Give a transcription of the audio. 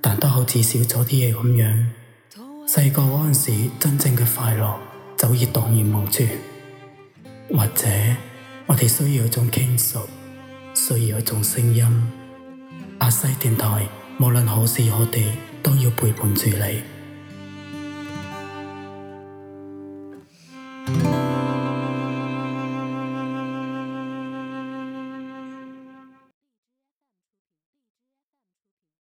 但都好似少咗啲嘢咁樣，細個嗰陣時真正嘅快樂，早已蕩然無存。或者，我哋需要一種傾訴，需要一種聲音。阿西電台，無論何時何地，都要陪伴住你。